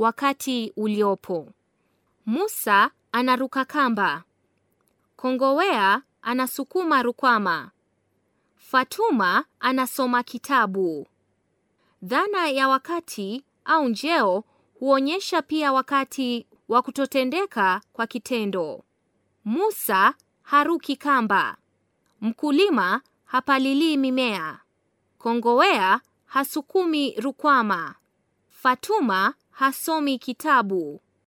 wakati uliopo. Musa anaruka kamba. Kongowea anasukuma rukwama. Fatuma anasoma kitabu. Dhana ya wakati au njeo huonyesha pia wakati wa kutotendeka kwa kitendo. Musa haruki kamba. Mkulima hapalilii mimea. Kongowea hasukumi rukwama. Fatuma hasomi kitabu.